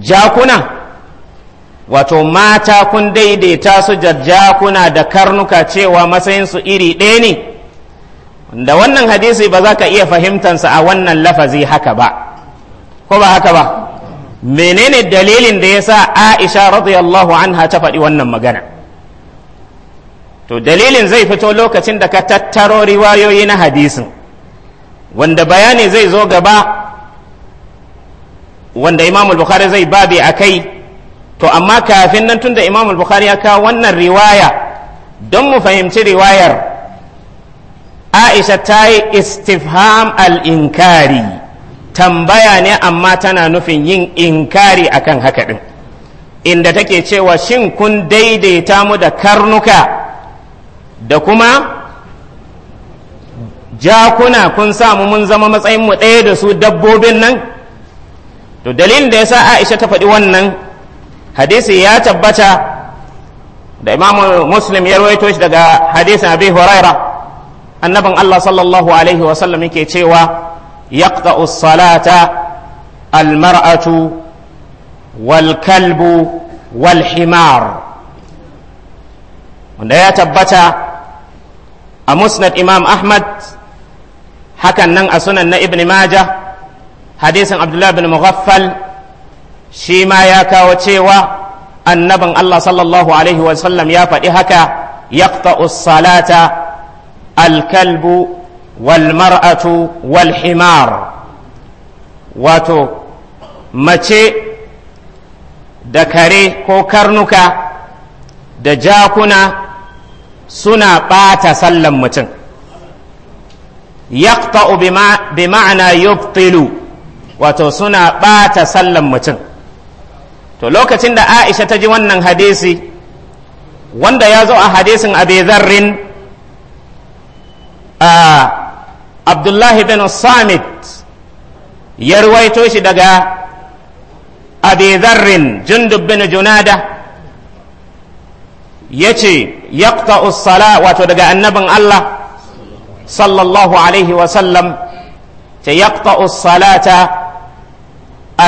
jakuna wato mata kun daidaita su da jakuna da karnuka cewa matsayinsu iri ɗaya ne da wannan hadisi ba za ka iya fahimtansa a wannan lafazi haka ba ko ba haka ba menene dalilin da ya sa aisha radiyallahu anha ta faɗi wannan magana to dalilin zai fito lokacin da ka tattaro riwayoyi na hadisin wanda bayani zai zo gaba wanda imam al-bukhari zai babi a kai to amma kafin nan tunda imam al-bukhari ya kawo wannan riwaya don mu fahimci riwayar aisha ta yi istifham al-inkari tambaya ne amma tana nufin yin inkari akan haka din inda take cewa shin kun daidaita mu da karnuka da kuma jakuna kun samu mun zama matsayin mu ɗaya da su dabbobin nan to dalilin da ya sa Aisha ta faɗi wannan hadisi ya tabbata da Imam Muslim ya rawaito shi daga hadisin Abi Huraira annabin Allah sallallahu alaihi wa sallam yake cewa yaqta'u salata al-mar'atu wal kalbu wal himar wanda ya tabbata a musnad imam ahmad hakan nan a sunan na ibn majah hadisin abdullahi bin mughaffal shima ya kawo cewa annabin Allah sallallahu alaihi wasallam ya faɗi haka yaqta'u salata alkalbu wal mar'atu wal himar wato mace da kare ko karnuka da jakuna suna ɓata sallan mutum yaqta'u bi ma'ana yubtilu wato suna ɓata sallan mutum to lokacin da aisha ta ji wannan hadisi wanda ya zo a hadisin abizarrin a abdullahi bin samit ya ruwaito shi daga abizarrin jundub bin junada ya ce yaqta sala wato daga annabin allah sallallahu alaihi wasallam ce yaqta salata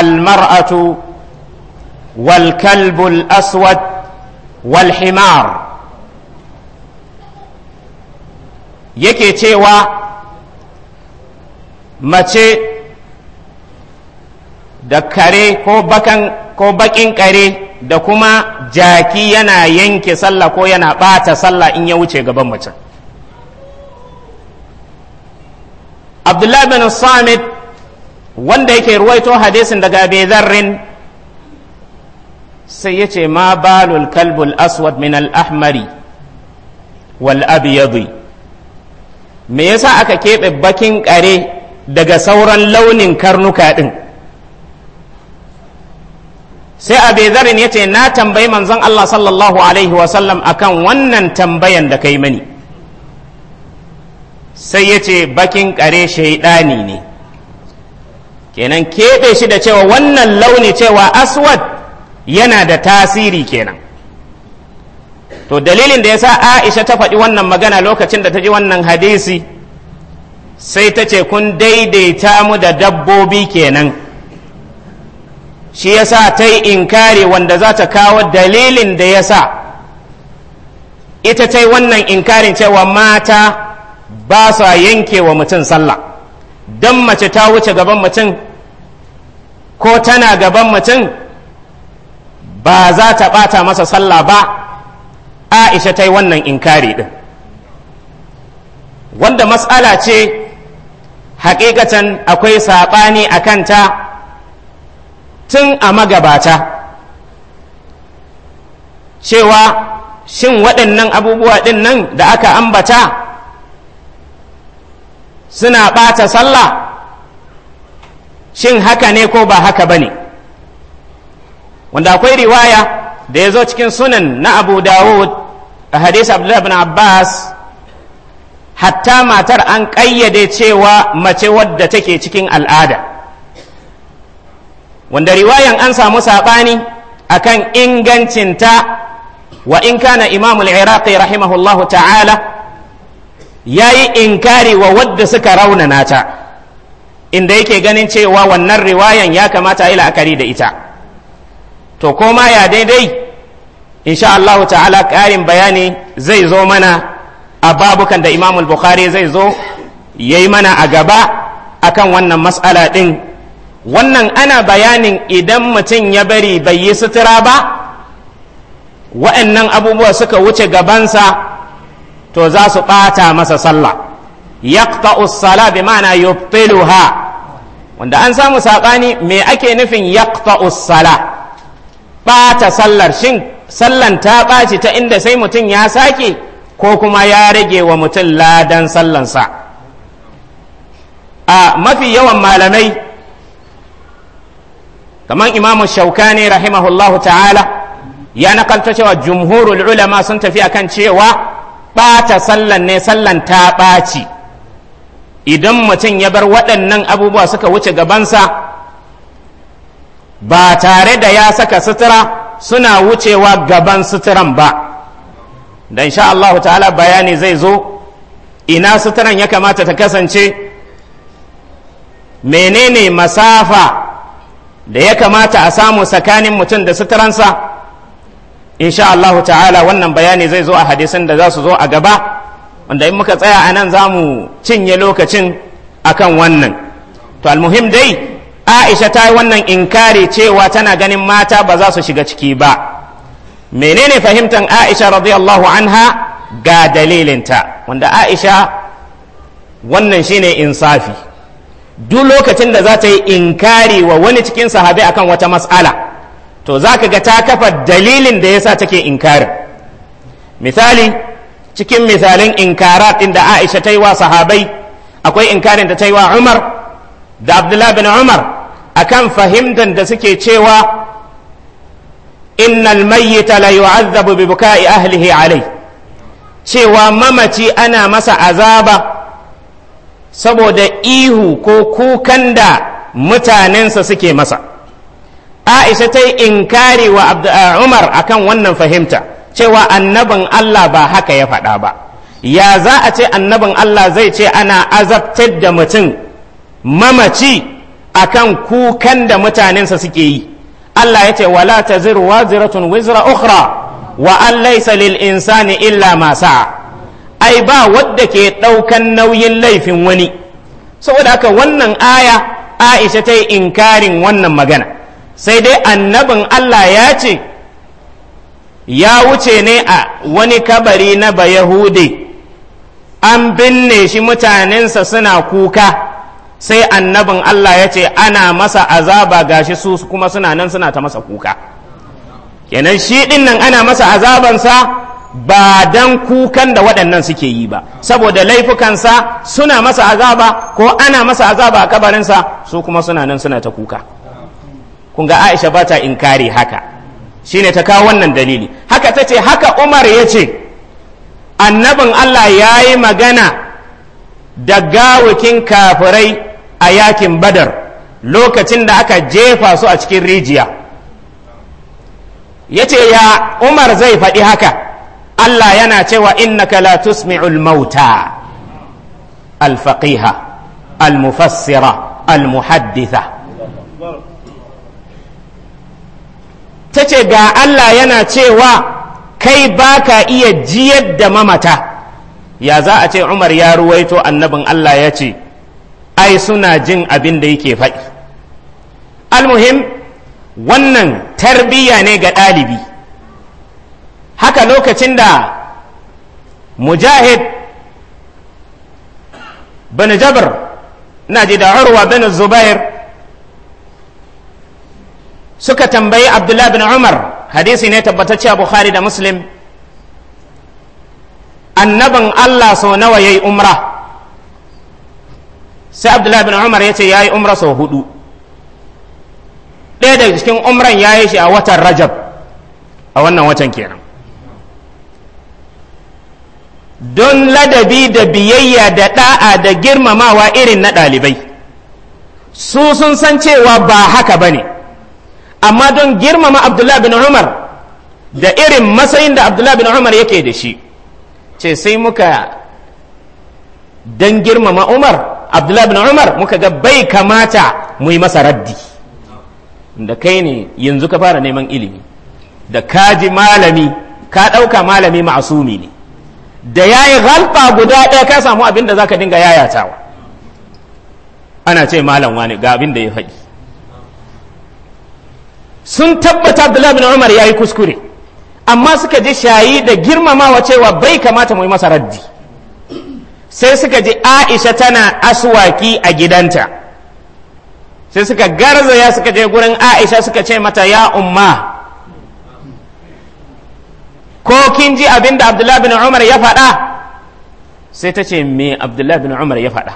المرأة والكلب الأسود والحمار yake cewa mace da kare ko bakin kare da kuma jaki yana yanke sallah ko yana ɓata sallah in ya wuce gaban mace abdullahi bin samit wanda yake ruwaito hadisin daga bezarrin sai ya ce ma balul kalbul aswad min al-ahmari wal abyadi me yasa aka keɓe bakin kare daga sauran launin karnuka ɗin sai abezarin ya ce na tambayi manzon Allah sallallahu alaihi wasallam akan wannan tambayan da kai mani sai ya ce bakin kare shaidani ne kenan keɓe shi da cewa wannan launi cewa aswad yana da tasiri kenan to dalilin da ya sa aisha ta faɗi wannan magana lokacin da ta ji wannan hadisi sai ta ce kun daidaita mu da dabbobi kenan shi ya sa ta yi inkari wanda za ta kawo dalilin da ya sa ita ta yi wannan inkarin cewa mata ba sa yanke wa mutum sallah don mace ta wuce gaban mutum ko tana gaban mutum ba za ta bata masa sallah ba aisha ta yi wannan inkari din. wanda matsala ce hakikatan akwai saɓani a kanta tun a magabata cewa shin waɗannan abubuwa ɗin nan da aka ambata suna ɓata sallah shin haka ne ko ba haka ba ne wanda akwai riwaya da ya zo cikin sunan na abu dawud a hadis abdullahi abu abbas hatta matar an ƙayyade cewa mace wadda take cikin al'ada wanda riwayan an samu saɓani a kan ingancinta wa in kana imamul iraqi rahimahullahu ta'ala ya yi inkari wa wadda suka raunana ta inda yake ganin cewa wannan riwayan ya kamata yi la'akari da ita to koma ya daidai insha Allah ta'ala ƙarin bayani zai zo mana a babukan da imam bukhari zai zo ya yi mana a gaba akan wannan matsala ɗin wannan ana bayanin idan mutum ya bari bai yi sutura ba wa'annan abubuwa suka wuce gabansa to za su ɓata masa sallah yaqta'u sala bi ma'ana yubtiluha wanda an samu saɓani me ake nufin yaqta'u sala ɓata sallar shin sallan ta ɓaci ta inda sai mutum ya sake ko kuma ya rage wa mutum ladan sallansa a mafi yawan malamai kamar imamu shaukani rahimahullahu ta'ala ya nakalta cewa jumhurul ulama sun tafi akan cewa ɓata sallan ne sallan ta ɓaci idan mutum ya bar waɗannan abubuwa suka wuce gabansa ba tare da ya saka sutura suna wucewa gaban suturan ba don sha allah ta'ala bayani zai zo ina suturan ya kamata ta kasance menene masafa da ya kamata a samu tsakanin mutum da suturansa insha Allah ta'ala wannan bayani zai zo a hadisan da za su zo a gaba wanda in muka tsaya a nan za mu cinye lokacin akan wannan to almuhim dai aisha ta yi wannan inkari cewa tana ganin mata ba za su shiga ciki ba menene fahimtar aisha radiyallahu anha ga dalilinta wanda aisha wannan shine insafi duk lokacin da za ta yi inkari wa wani cikin sahabi akan wata mas'ala to za ka ga ta kafa dalilin da yasa take inkarin misali cikin misalin inkara ɗin da aisha ta yi wa sahabai akwai inkarin da ta yi wa umar da abdullahi bin umar akan fahimtar da suke cewa innal mayyita la yu'azzabu bi buka'i ahlihi alai cewa mamaci ana masa azaba saboda ihu ko kukan da mutanensa suke masa aisha ta yi inkari wa eh, umar akan wannan fahimta cewa annabin allah ba haka ya faɗa ba ya za a ce annabin allah zai ce ana azabtar da mutum mamaci akan kukan da mutanensa suke yi allah ya ce wala ta zirwa ziratun wizra ukhra wa an laisa lil insani illa ma sa'a ai ba wadda ke ɗaukan nauyin laifin wani saboda haka wannan aya aisha ta yi inkarin wannan magana sai dai annabin Allah ya ce ya wuce ne a wani kabari na bayahude an binne shi mutanensa suna kuka sai annabin Allah ya ce ana masa azaba gashi su kuma suna nan suna ta masa kuka kenan shi din nan ana masa azabansa ba dan kukan da waɗannan suke yi ba saboda laifukansa suna masa azaba ko ana masa azaba a kabarinsa su kuma suna nan suna ta kuka kun ga Aisha ba ta inkari haka shine ta kawo wannan dalili haka ta ce haka Umar ya ce annabin Allah ya yi magana da gawakin kafirai a yakin badar lokacin da aka jefa su a cikin rijiya ya ce ya Umar zai faɗi haka Allah yana cewa innaka la tusmi'ul mauta al-faqiha al-mufassira al-muhadditha ta ce ga Allah yana cewa kai ba ka iya jiyar da mamata ya za a ce Umar ya ruwaito annabin Allah ya ce ai suna jin abin da yake faɗi almuhim wannan tarbiyya ne ga ɗalibi haka lokacin da mujahid bin jabir na ji da urwa bin zubair suka tambayi abdullah bin umar hadisi ne tabbatacce a bukhari da muslim annabin allah sau nawa ya yi umra sai abdullah bin umar ya ce ya yi umra sau hudu ɗaya daga cikin umran ya yi shi a watan rajab a wannan watan kenan don ladabi da biyayya da ɗa'a da girmamawa irin na ɗalibai su sun san cewa ba haka ba ne amma don girmama abdullah bin umar da irin matsayin da abdullah bin umar yake da shi ce sai muka don girmama umar abdullah bin umar muka ga bai kamata mu yi masa raddi da kai ne yanzu ka fara neman ilimi da kaji malami ka ɗauka malami ma'asumi ne da ya yi galfa guda ɗaya ka samu abin da za ka dinga yayatawa ana ce malam wani ga abin da ya faɗi sun tabbata Abdullahi bin Umar yi kuskure amma suka ji shayi da girmamawa cewa bai kamata mu yi masa raddi sai suka ji Aisha tana aswaki a gidanta sai suka garzaya suka je gurin Aisha suka ce mata ya umma ko kin ji abinda Abdullahi bin Umar ya faɗa sai ta ce me Abdullahi bin Umar ya faɗa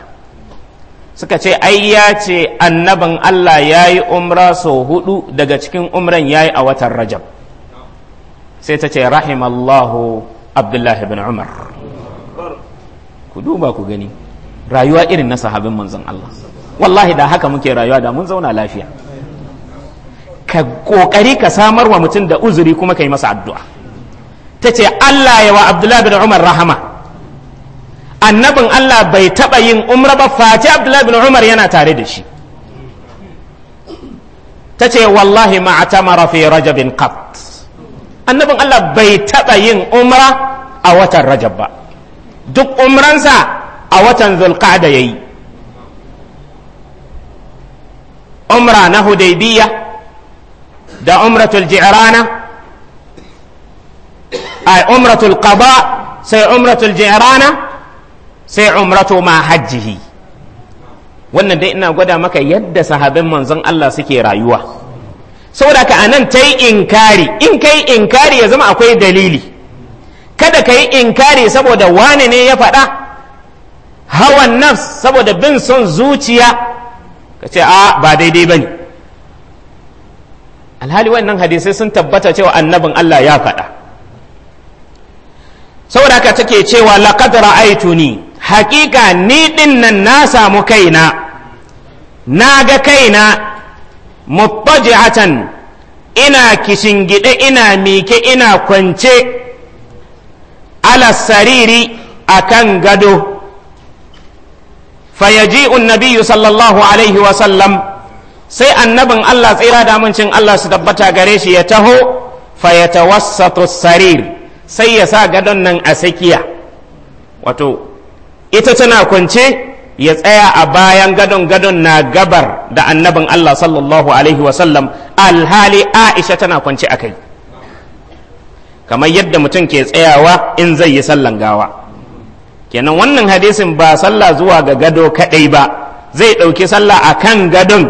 suka ce ai ya ce annabin Allah ya yi umra sau hudu daga cikin umran ya yi a watan rajab sai ta ce rahimallahu abdullahi bin umar ku duba ku gani rayuwa irin na sahabin manzon Allah wallahi da haka muke rayuwa da mun zauna lafiya ka kokari ka samar wa mutum da uzuri kuma ka yi masa addu'a ta ce Allah ya wa abdullahi bin umar rahama annabin Allah bai taɓa yin umra ba face Abdullahi bin Umar yana tare da shi ta ce wallahi ma atamara fi rajabin qat annabin Allah bai taɓa yin umra a watan rajab ba duk umransa a watan zulqa'da yayi umra na hudaybiya da umratul ji'rana ay umratul qada sai umratul ji'rana sai umratu ma hajjihi wannan dai ina gwada maka yadda sahabin manzon Allah suke rayuwa saboda ka anan ta inkari in kai inkari ya zama akwai dalili kada ka yi inkari saboda wani ne ya faɗa hawan nafs saboda bin son zuciya ka ce a ba daidai ba ne alhali wannan hadisai sun tabbata cewa annabin Allah ya faɗa saboda ka take cewa laqad ra'aytuni hakika ni ɗin nan na samu kaina na ga kaina muttaji'atan ina kishingide ina mike ina kwance ala sariri akan gado fayaji nabiyyu sallallahu alaihi wasallam sai annabin Allah tsira damancin Allah su tabbata gare shi ya taho fayatawassatu sarir sai ya sa gadon nan a sakiya wato ita tana kwance ya tsaya a bayan gadon gadon na gabar da annabin Allah sallallahu alaihi wasallam alhali Aisha tana kwance a kai kamar yadda mutum ke tsayawa in zai yi sallan gawa kenan wannan hadisin ba sallah zuwa ga gado kaɗai ba zai ɗauki sallah a kan gadon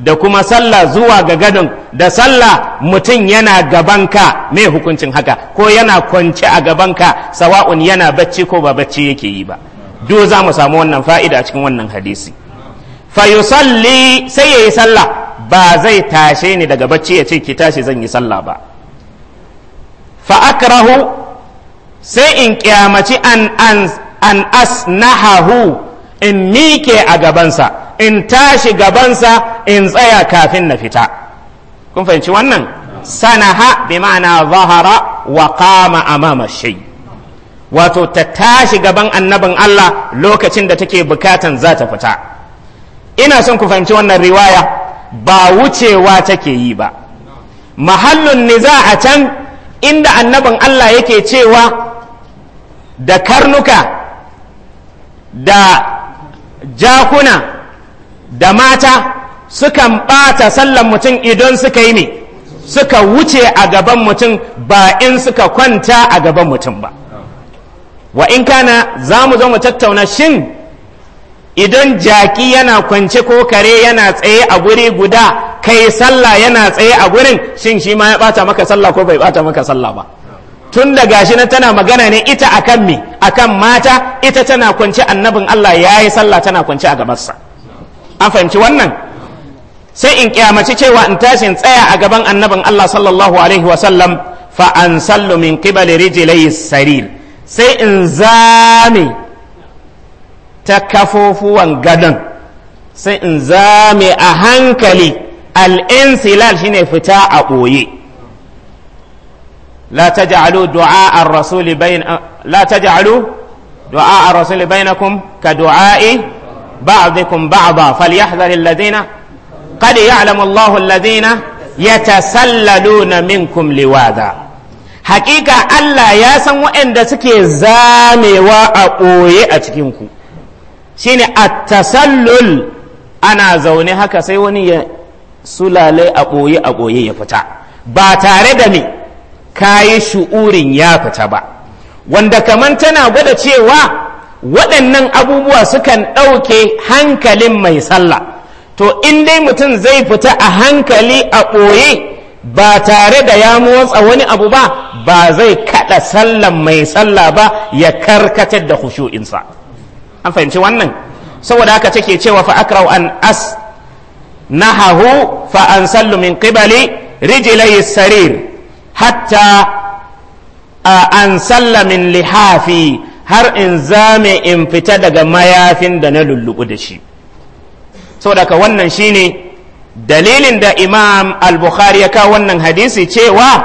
da kuma sallah zuwa ga gadon da sallah mutum yana gaban ka mai hukuncin haka ko yana kwance a gabanka sawa'un yana bacci ko ba bacci yake yi ba do za mu samu wannan fa'ida a cikin wannan hadisi fa yusalli sai yayi sallah ba zai tashe ni daga bacci ya ce ki tashi zan yi sallah ba fa akrahu sai in kyamaci an asnahahu in mike a gabansa in tashi gabansa in tsaya kafin na fita kun fahimci wannan sanaha bi ma'ana zahara wa kama amama shay wato ta tashi gaban annabin Allah lokacin da take bukatan za ta fita ina son ku fahimci wannan riwaya ba wucewa take yi ba mahallun niza a can inda annabin Allah yake cewa da karnuka da jakuna da mata sukan ɓata sallan mutum idan suka yi ne suka wuce a gaban mutum ba in suka kwanta a gaban mutum ba wa in kana za mu zo mu tattauna shin idan jaki yana kwance ko kare yana tsaye a guri guda kai sallah yana tsaye a gurin shin shi ma ya bata maka sallah ko bai bata maka sallah ba tun da gashi nan tana magana ne ita akan me akan mata ita tana kwance annabin Allah ya yi sallah tana kwance a gabansa an fahimci wannan sai in kyamaci cewa in tashi in tsaya a gaban annabin Allah sallallahu alaihi wa sallam fa an sallu min qibali rijlai sarir sai in zame ta kafofuwan gadon sai in zame a hankali al'insilal shine fita a ɓoye la ta ja'alu du'a rasuli bainakum ka du'a'i ba'dikum ba'da falyahdhar alladhina qad ya'lamu Allahu alladhina yatasallaluna minkum liwada haƙiƙa Allah ya san waɗanda suke zamewa a ɓoye a cikinku shi ne a tasallul ana zaune haka sai wani ya sulale a ɓoye a ɓoye ya fita ba tare da me kayi shu'urin ya fita ba wanda kaman tana gwada cewa waɗannan abubuwa sukan ɗauke hankalin mai sallah to in dai mutum zai fita a hankali a ɓoye ba tare da ya motsa wani abu ba ba zai kada sallan mai sallah ba ya karkatar da hushuinsa. an fahimci wannan saboda haka take cewa fa akraw an as nahahu fa an sallu min qibali sarir hatta an salla min lihafi har in zame in fita daga mayafin da na lullubu da shi saboda haka wannan shine dalilin da imam al-bukhari ya kawo wannan hadisi cewa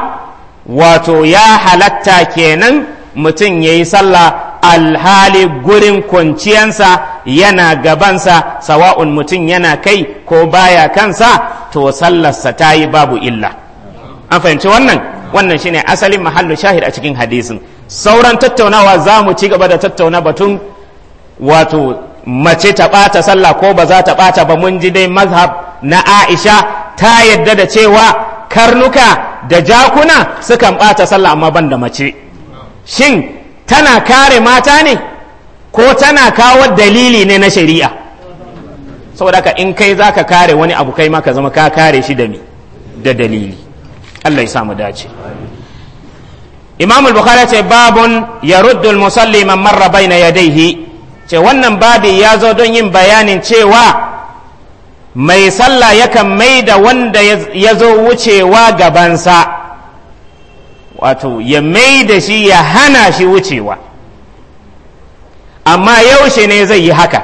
wato ya halatta kenan mutum ya yi sallah alhali gurin kwanciyansa yana gabansa sawa'un mutum yana kai ko baya kansa to sallarsa ta yi babu illa an fahimci wannan wannan shine asalin mahallu shahid a cikin hadisin sauran tattaunawa za mu ci gaba da tattauna batun wato mace ta ɓata sallah ko ba za ta ɓata ba mun ji dai mazhab na Aisha ta yadda da cewa karnuka da jakuna sukan ɓata sallah amma ban da mace shin tana kare mata ne ko tana kawo dalili ne na shari'a saboda ka in kai za ka kare wani abu kai ma ka zama ka kare shi da da dalili Allah ya samu dace Imam al-Bukhari ce babun yaruddu al-musalli marra bayna yadayhi ce wannan babi ya zo don yin bayanin cewa mai sallah yakan mai da wanda ya zo wucewa gabansa wato ya mai da shi ya hana shi wucewa amma yaushe ne zai yi haka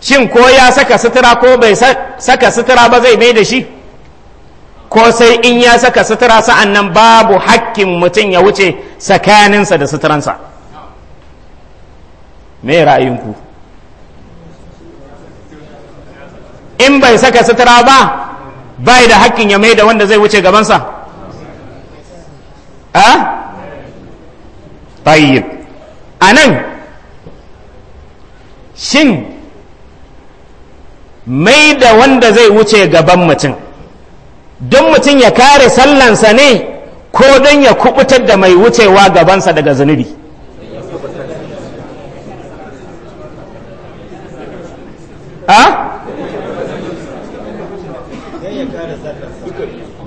shin ko ya saka sutura ko bai saka sutura ba zai mai da shi ko sai in ya saka sutura sa'an nan babu hakkin mutum ya wuce tsakaninsa da suturansa me ra'ayinku in bai saka sutura ba bai da hakkin ya mai da wanda zai wuce gabansa a? tayyib a nan shin mai da wanda zai wuce gaban mutum don mutum ya kare sallansa ne ko don ya kubutar da mai wucewa gabansa daga zunubi a?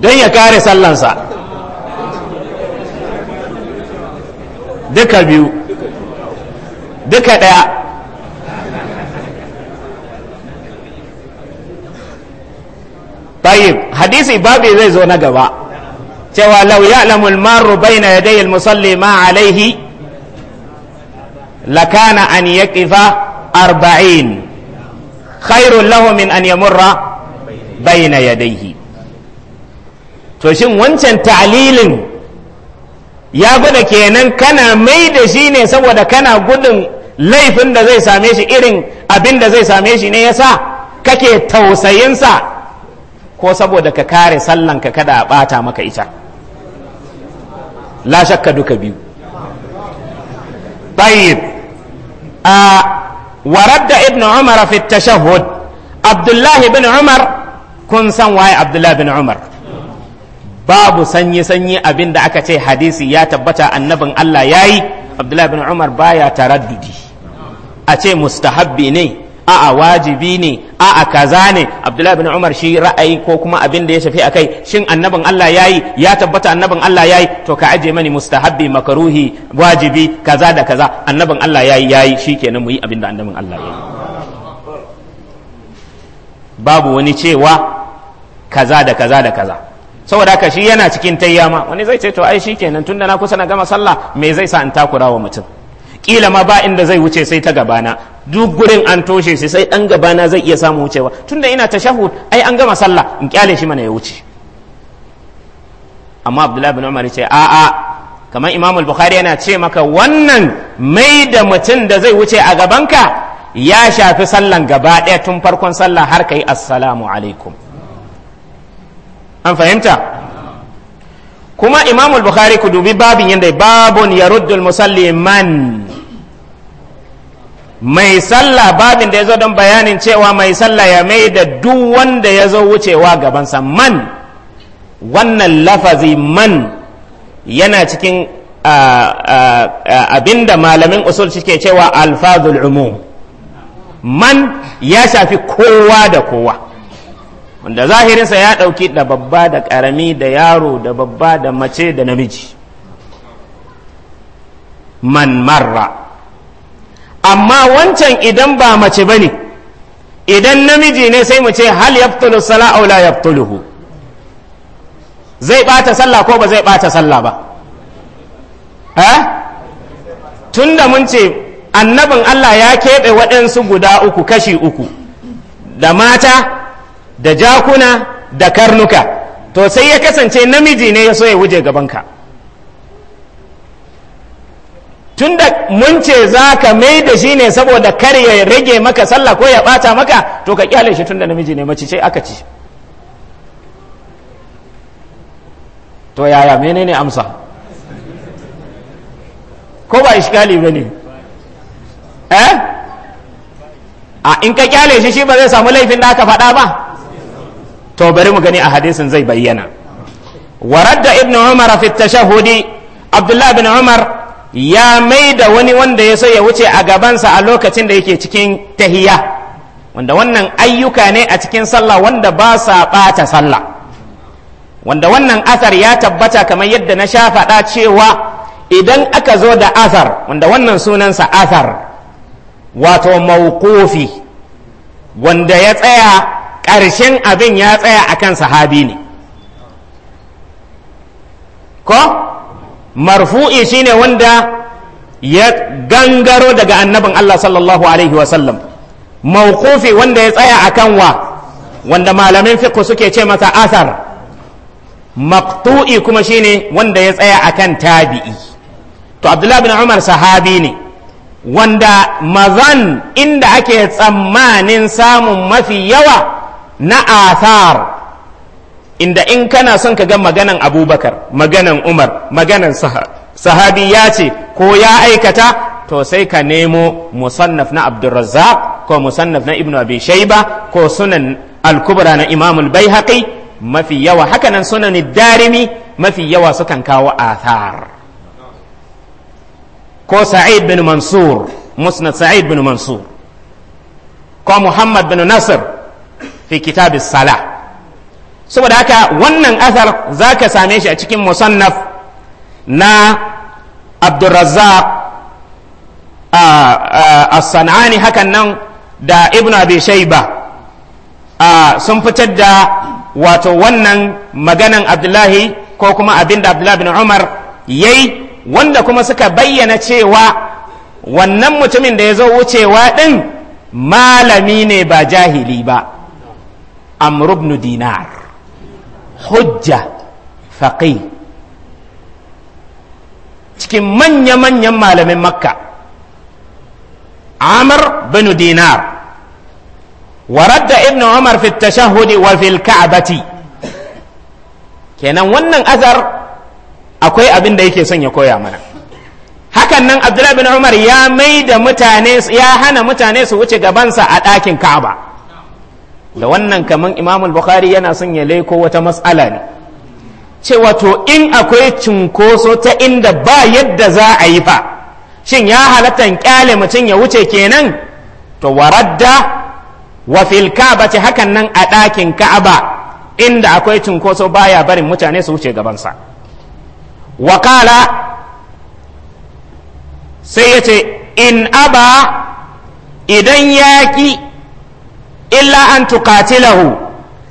don ya kare sallansa duka biyu duka ɗaya طيب حديث بابي زي زو نغبا cewa lau ya'lamu al-marru bayna yaday al-musalli ma alaihi lakana an yaqifa arba'in khairun lahu min an yamurra baina yadaihi to shin wancan ta'lilin ya gwada kenan kana mai da shi ne saboda kana gudun laifin da zai same shi irin abin da zai same shi ne yasa kake tausayinsa ko saboda ka kare sallanka kada a bata maka ita la shakka duka biyu طيب آه ورد ابن عمر في التشهد عبد abdullahi بن umar. kun san waye abdullahi bin umar babu sanyi-sanyi abin da aka ce hadisi ya tabbata annabin Allah ya yi abdullahi bin umar baya taraddudi a ce mustahabbi ne a'a wajibi ne a'a kaza ne abdullahi bin umar shi ra'ayi ko kuma abin da ya shafi akai shin annabin Allah ya yi ya tabbata annabin Allah ya yi to ka aje mani mustahabbi makaruhi wajibi kaza da kaza annabin Allah ya yi ya yi shikenan mu yi abin da annabin Allah ya yi babu wani cewa kaza da kaza da kaza saboda haka shi yana cikin tayyama wani zai ce to ai shikenan tunda na kusa na gama sallah me zai sa in takura wa mutum kila ma ba inda zai wuce sai ta gabana duk gurin an toshe shi sai dan gabana zai iya samu wucewa tunda ina tashahhud ai an gama sallah in kyale shi mana ya wuce amma abdullahi bin umar ce a a kamar imam al-bukhari yana ce maka wannan mai da mutum da zai wuce a gabanka ya shafi sallan gaba ɗaya tun farkon sallah har kai assalamu alaikum an fahimta kuma imam bukhari ku dubi babin yadda babun ya ruddul musalli man mai sallah babin da ya zo don bayanin cewa mai sallah ya mai da duk wanda ya zo wucewa gabansa man wannan lafazi man yana cikin abinda malamin usul suke cewa alfazul umum man ya shafi kowa da kowa wanda zahirinsa ya ɗauki da babba da ƙarami da yaro da babba da mace da namiji man marra amma wancan idan ba mace ba ne idan namiji ne sai mu ce hal yaftulu sala aw la yaftuluhu zai bata sallah ko ba zai bata sallah ba tun eh? tunda mun ce annabin Allah ya keɓe waɗansu guda uku kashi uku da mata da jakuna da karnuka to sai ya kasance namiji ne ya so ya wuje gabanka tun da mun ce za ka mai da shi ne saboda kar ya rage maka sallah ko ya bata maka to ka kyale shi tun da namiji ne mace ce aka ci to yaya menene amsa ko ba ishkali ba ne eh a in ka kyale shi shi ba zai samu laifin da aka faɗa ba to bari mu gani a hadisin zai bayyana waradda ibn umar fi tashahudi abdullahi ibn umar ya mai da wani wanda ya so ya wuce a gabansa a lokacin da yake cikin tahiya wanda wannan ayyuka ne a cikin sallah wanda ba sa ɓata sallah wanda wannan athar ya tabbata kamar yadda na sha faɗa cewa idan aka zo da athar wanda wannan sunansa athar wato mawqufi wanda ya tsaya ƙarshen abin ya tsaya akan sahabi ne ko marfu'i shine wanda ya gangaro daga annabin Allah sallallahu alaihi wasallam mawqufi wanda ya tsaya akan wa wanda malamin fiqh suke ce masa athar maqtu'i kuma shine wanda ya tsaya akan tabi'i to abdullahi bin umar sahabi ne wanda mazan inda ake tsammanin samun mafi yawa na athar inda in kana son ka ga maganan abubakar maganan umar maganan sahabi ya ce ko ya aikata to sai ka nemo musannaf na abdulrazzaq ko musannaf na ibnu abi shaiba ko sunan al-kubra na imam al-baihaqi mafi yawa hakanan sunan darimi mafi yawa sukan kawo athar ko sa'id bin mansur musnad sa'id bin mansur ko muhammad bin nasir fi kitabis sala saboda haka wannan athar ka same shi a cikin musannaf na abdurrazzaq as-sanani hakan nan da ibn abi shayba sun fitar da wato wannan maganan abdullahi ko kuma abin da abdullahi bin umar yayi wanda kuma suka bayyana cewa wannan mutumin da ya zo wucewa din malami ne ba jahili ba amr ibn dinar hujja faqih cikin manya-manyan malamin makka amr bin dinar ibn umar عمر في wa وفي الكعبة kenan wannan azar akwai abin da yake son ya koya mana hakan nan abdullahi bin umar ya mai da mutane ya hana mutane su wuce gabansa a ɗakin ka'aba da wannan kaman imam bukhari yana son ya laiko wata matsala ne cewa to in akwai cinkoso ta inda ba yadda za a yi fa shin ya halatta kyale mutum ya wuce kenan to waradda wa fil ka'bati hakan nan a ɗakin ka'aba inda akwai cinkoso baya barin mutane su wuce gabansa wakala sai ya ce in aba idan ya illa an tuqatilahu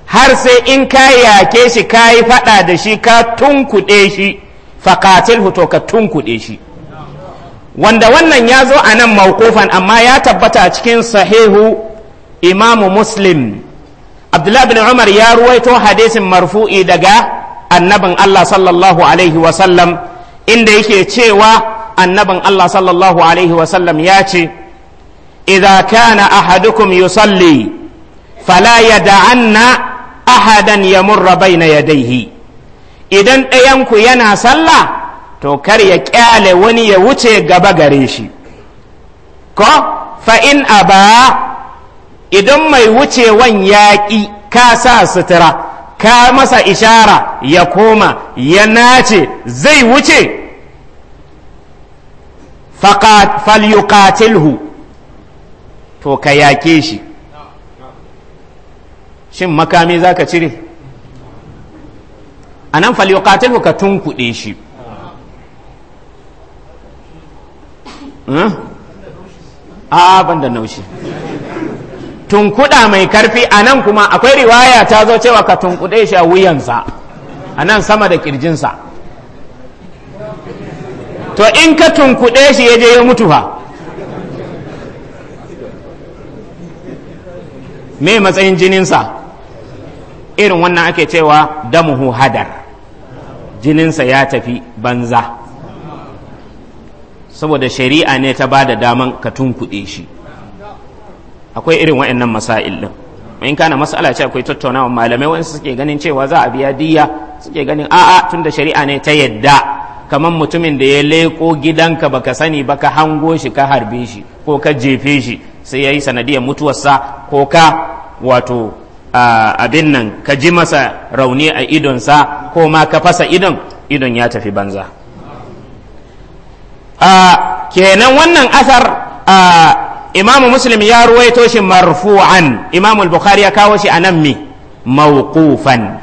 har sai in ka yake shi ka yi faɗa da shi ka tunkuɗe shi faƙatil to ka tunkuɗe shi wanda wannan ya zo a nan mawkufan amma ya tabbata cikin sahihu imamu muslim abdullahi bin umar ya ruwaito hadisin marfu'i daga annabin allah sallallahu alaihi wasallam inda yake cewa annabin allah sallallahu alaihi wasallam ya ce idza kana ahadukum yusalli fala ya da'anna ahadan ya na ya yadaihi idan ɗayanku yana sallah to kar ya ƙyale wani ya wuce gaba gare shi ko fa'in a ba idan mai wucewan yaƙi ka sa sutura ka masa ishara ya koma ya nace zai wuce falyuqatilhu to ka yaƙe shi shin makami za ka cire a nan falyuqatilhu ka tunkuɗe shi hmm? a ban da naushi tunkuɗa mai karfi a nan kuma akwai riwaya ta zo cewa ka tunkuɗe shi a wuyansa a nan sama da kirjinsa to in ka tunkuɗe shi ya je ya mutu fa me matsayin jininsa irin wannan ake cewa damuhu hadar jininsa ya tafi banza saboda shari'a ne ta ba da daman ka tunkuɗe shi akwai irin wa'annan masa'il din in kana mas'ala ce akwai tattaunawa malamai wani suke ganin cewa za a biya diya suke ganin a'a tun da shari'a ne ta yadda kamar mutumin da ya leko gidanka baka sani ba ka hango shi ka harbe shi ko ka jefe shi sai ya yi sanadiyar mutuwarsa ko ka wato abin nan ka ji masa rauni a idonsa ko ma ka fasa idon idon ya tafi banza kenan wannan asar imamu muslim ya ruwaito shi marfu'an imamu bukhari ya kawo shi a nan mi mawqufan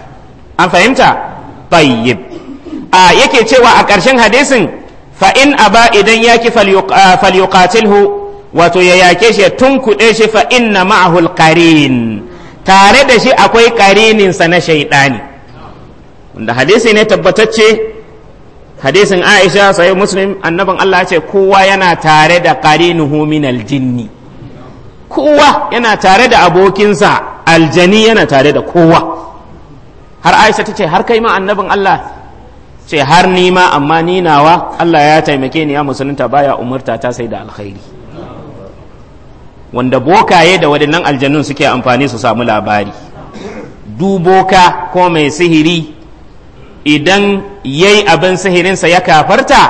an fahimta tayyib a yake cewa a ƙarshen hadisin fa in aba idan yaki falyuqatilhu wato ya yake shi tun kuɗe shi fa'in inna ma'ahul alqarin tare da shi akwai ƙarininsa na shaiɗani wanda hadisi ne tabbatacce hadisin aisha sai muslim annabin allah ce kowa yana tare da ƙarinuhu min aljinni kowa yana tare da abokinsa aljani yana tare da kowa har aisha ta ce har kai ma annabin allah ce har nima amma ni nawa allah ya taimake ni ya musulunta baya umurta ta sai da alkhairi wanda bokaye da waɗannan aljanun suke amfani su samu labari duboka ko mai sihiri idan ya yi abin sihirinsa ya kafarta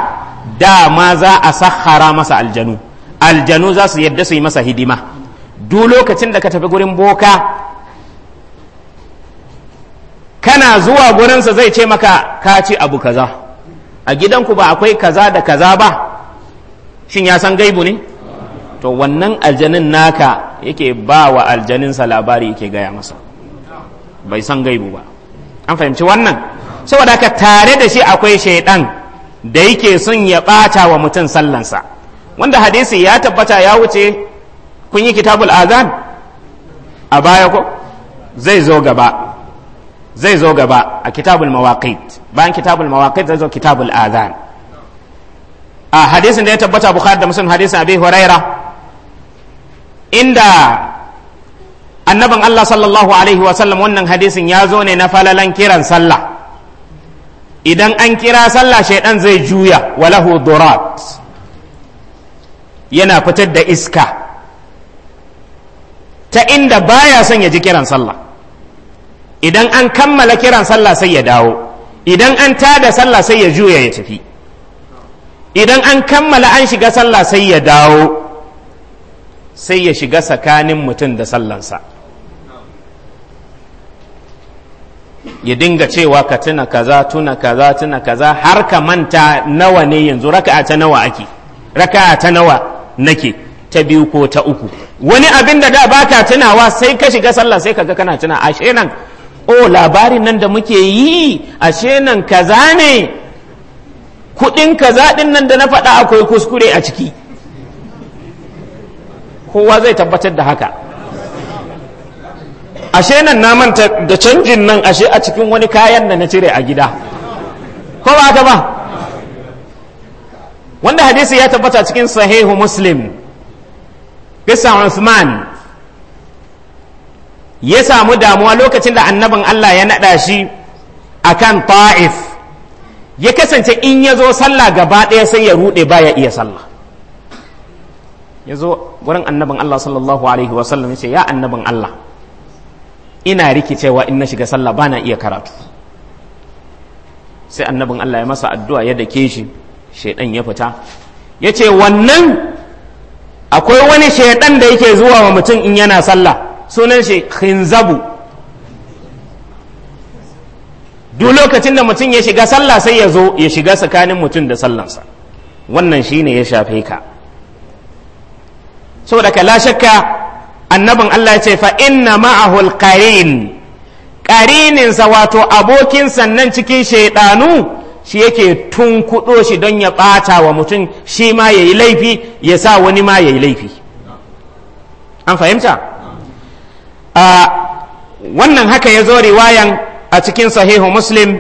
dama za a sahara masa aljanu aljanu za su yadda su yi masa hidima duk lokacin da ka tafi gurin boka kana zuwa gurinsa zai ce maka ka ci abu kaza a gidanku ba akwai kaza da kaza ba shin ya san gaibu ne to wannan aljanin naka yake ba wa aljaninsa labari yake gaya masa bai san gaibu ba an fahimci wannan saboda haka tare da shi akwai shaidan da yake son ya ɓata wa mutum sallansa wanda hadisi ya tabbata ya wuce kun yi kitabul azan a baya ko zai zo gaba zai zo gaba a kitabul mawaqit bayan kitabul mawaqit zai zo kitabul azan a hadisin da ya tabbata bukhari da muslim hadisin abi huraira inda annaban Allah sallallahu alaihi wasallam wannan hadisin ya zo ne na falalan kiran sallah idan an kira sallah shaidan zai juya walahu durat yana fitar da iska ta inda baya son ya ji kiran sallah idan an kammala kiran sallah sai ya dawo idan an tada sallah sai ya juya ya tafi idan an kammala an shiga sallah sai ya dawo sai ya shiga tsakanin mutum da sallansa ya dinga cewa ka tuna kaza tuna kaza tuna kaza har ka manta nawa ne yanzu raka'a ta nawa ake raka'a ta nawa nake ta biyu ko ta uku wani abin da da baka tunawa sai ka shiga sallah sai kaga kana tuna ashe nan o labarin nan da muke yi ashe nan kaza ne kudin kaza din nan da na faɗa akwai kuskure a ciki kowa zai tabbatar da haka ashe nan na manta da canjin nan ashe a cikin wani kayan da na cire a gida ko ba ta ba wanda hadisi ya tabbata cikin sahihu muslim bisa Uthman ya samu damuwa lokacin da annabin Allah ya naɗa shi a kan ta'if ya kasance in ya zo sallah gaba ɗaya sai ya ruɗe baya iya sallah ya zo wurin annabin Allah sallallahu alaihi wasallam ya ce ya annabin Allah ina rikicewa in na shiga sallah bana iya karatu sai annabin Allah ya masa addu'a ya dake shi shaidan ya fita ya ce wannan akwai wani shaidan da yake zuwa wa mutum in yana sallah sunan shi khinzabu duk lokacin da mutum ya shiga sallah sai ya zo ya shiga tsakanin mutum da sallansa wannan shine ya shafe ka saboda ka la shakka annabin Allah ya ce fa inna ma'ahu alqarin wato abokin sannan cikin shaiɗanu shi yake tunkudo shi don ya bata wa mutum shi ma yayi laifi ya sa wani ma yayi laifi an fahimta a wannan haka ya zo riwayan a cikin sahihu muslim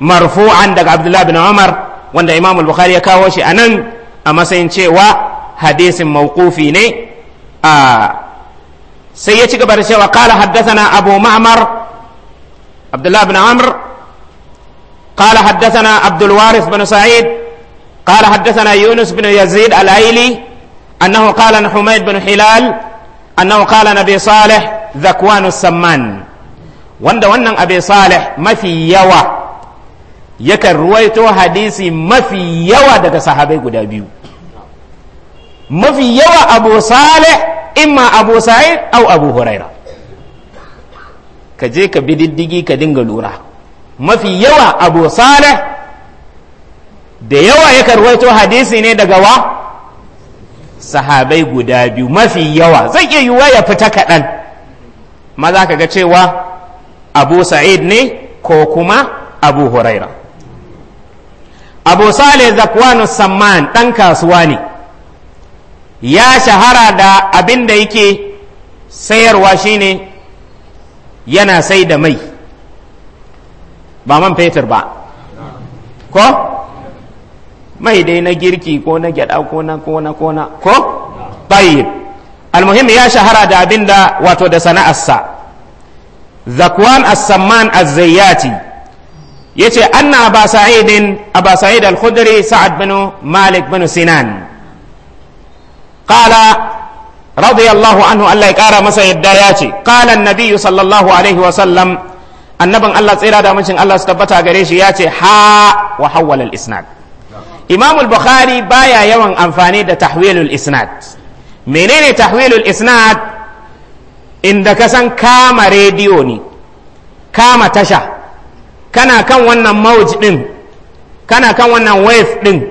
marfu'an daga abdullahi bin umar wanda imam al-bukhari ya kawo shi anan a matsayin cewa hadisin mawqufi ne sai ya ci gaba da cewa qala haddathana abu ma'mar abdullah amr qala haddathana abdul waris bin sa'id qala haddathana yunus bin yazid al-aili annahu qala humayd bin hilal annahu qala nabi salih zakwan samman wanda wannan abi salih mafi yawa yakan ruwaito hadisi mafi yawa daga sahabai guda biyu mafi yawa abu in imma abu sa'id au abu huraira ka je ka bi diddigi ka dinga lura mafi yawa abu sale da yawa ya karwaito hadisi ne daga wa sahabai guda biyu mafi yawa zai iya yiwuwa ya fita kaɗan maza ka ga cewa abu sa'id ne ko kuma abu huraira abu sale zakwanu samman ɗan kasuwa ne ya shahara da abin da yake sayarwa shine yana sai da mai ba man fetur ba ko mai dai na girki ko na gyada ko na ko na ko na ko tayyib almuhim ya shahara da abin da wato da sana'arsa zakwan as-samman az-zayyati yace anna aba sa'idin aba al-khudri sa'ad bin malik bin sinan qala radiyallahu anhu Allah ya kara masa yadda ya ce qala annabiyyu sallallahu alaihi wa sallam annabin Allah tsira da mincin Allah su tabbata gare shi ya ce ha wa hawwala al-isnad Imam al-Bukhari baya yawan amfani da tahwilul isnad menene tahwilul isnad inda ka san kama rediyo ne kama tasha kana kan wannan mawj din kana kan wannan wave din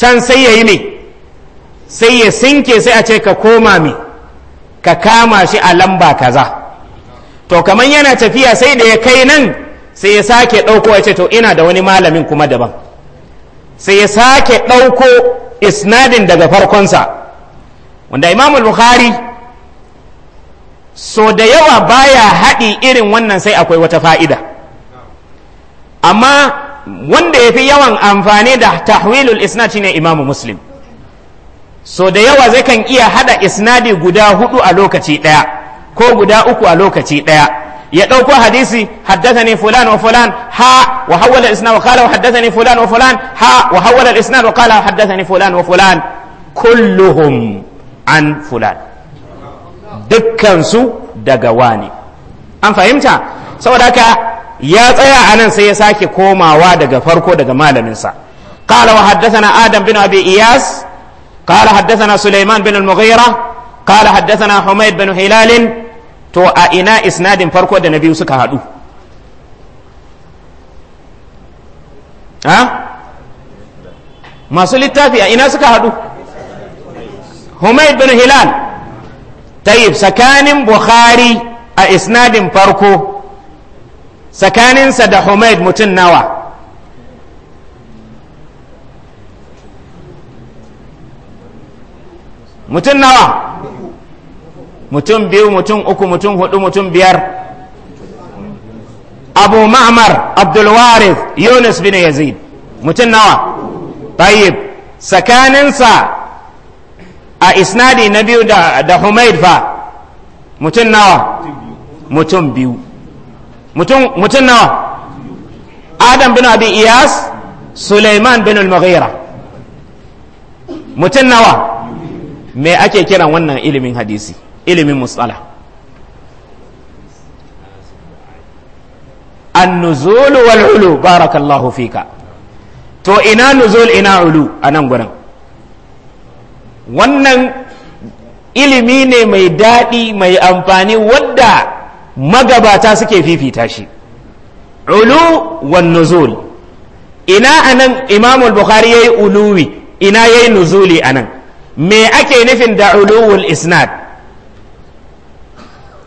can sai yayi me sai ya sinke sai a ce ka koma mi ka kama shi a lamba kaza to kamar yana tafiya sai da ya kai nan sai ya sake ɗauko ya ce to ina da wani malamin kuma daban sai ya sake ɗauko isnadin daga farkonsa wanda imamul bukhari so da yawa baya haɗi irin wannan sai akwai wata fa'ida amma wanda ya fi yawan amfani da tahwilul isnad shine imamu muslim so da yawa zai kan iya hada isnadi guda hudu a lokaci daya ko guda uku a lokaci daya ya dauko hadisi haddathani fulan wa fulan ha wa hawala isnad wa qala haddathani fulan wa fulan ha wa hawala isnad wa qala haddathani fulan wa fulan kulluhum an fulan dukkan su daga wani an fahimta saboda haka ya tsaya anan sai ya sake komawa daga farko daga malaminsa قال وحدثنا آدم بن أبي iyas. قال حدثنا سليمان بن المغيرة قال حدثنا حميد بن هلال تو أئنا إسناد فرقو دا نبي سكا هادو ها ما سلتافي أئنا سكا هادو حميد بن هلال طيب سكان بخاري أئسناد فرقو سكان سد حميد متنوى mutum nawa mutum biyu mutum uku mutum hudu mutum biyar abu ma'amar abdulwarif yunus bin yazid mutum nawa tayyib tsakaninsa a isnadi na biyu da, da humaid fa mutum nawa mutum biyu mutum nawa adam bin abi iyas suleiman bin al maghira mutum nawa me ake kiran wannan ilimin hadisi ilimin musala النزول والعلو بارك الله فيك to ina nuzul ina ulu a nan gurin wannan ilimi ne mai daɗi mai amfani wadda magabata suke fifita shi ulu wan nuzul ina anan imamul bukhari yayi uluwi ina yayi nuzuli anan me ake nufin da uluwul isnad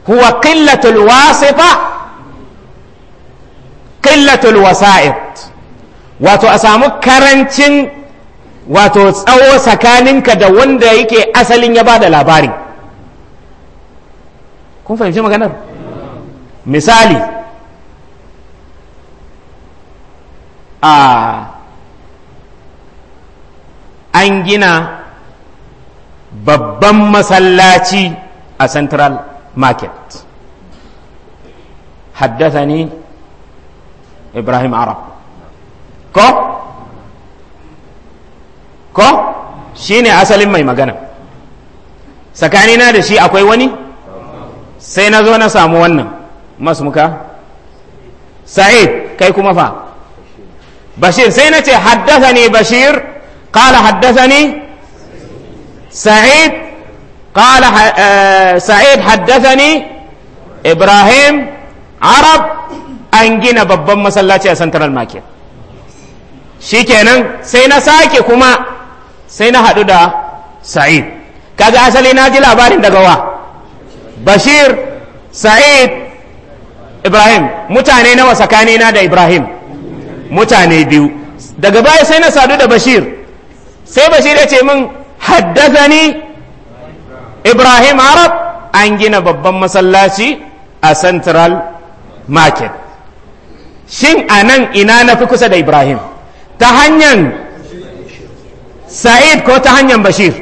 huwa qillatul wasita qillatul wasa'it wato a samu karancin wato tsawo tsakaninka da wanda yake asalin ya ba da labari kun fahimci maganar misali a an gina babban masallaci a central market haddathani ibrahim arab ko ko shi ne asalin mai magana tsakanina da shi akwai wani sai na zo na samu wannan masu muka sa'id kai kuma fa bashir sai na ce haddathani bashir qala haddathani سعيد قال سعيد حدثني إبراهيم an gina babban masallaci a central market shikenan sai na sake kuma sai na haɗu da sa'id kaga asali na ji labarin daga wa bashir sa'id ibrahim mutane nawa tsakanina da ibrahim mutane biyu daga baya sai na sadu da bashir sai bashir ya ce min haddazani ibrahim arab an gina babban masallaci a central market shin a nan ina na fi kusa da ibrahim ta hanyar sa'id ko ta hanyar bashir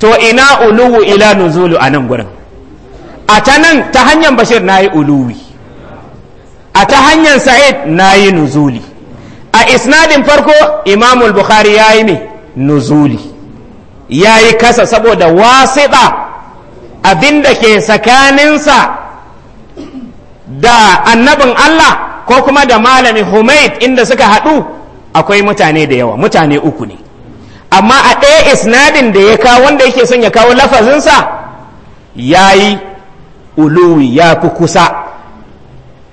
to ina uluwu ila nuzulu a nan gurin a ta nan ta hanyar bashir na yi uluwi a ta hanyar sa'id na yi nuzuli a isnadin farko imamul bukhari ya yi ne nuzuli ya yi kasa saboda wasiɗa abinda ke tsakaninsa da annabin Allah ko kuma da malami Humaid inda suka haɗu akwai mutane da yawa mutane uku ne amma a ɗaya isnadin da ya kawo wanda yake son ya kawo lafazinsa ya yi uluwi ya fi kusa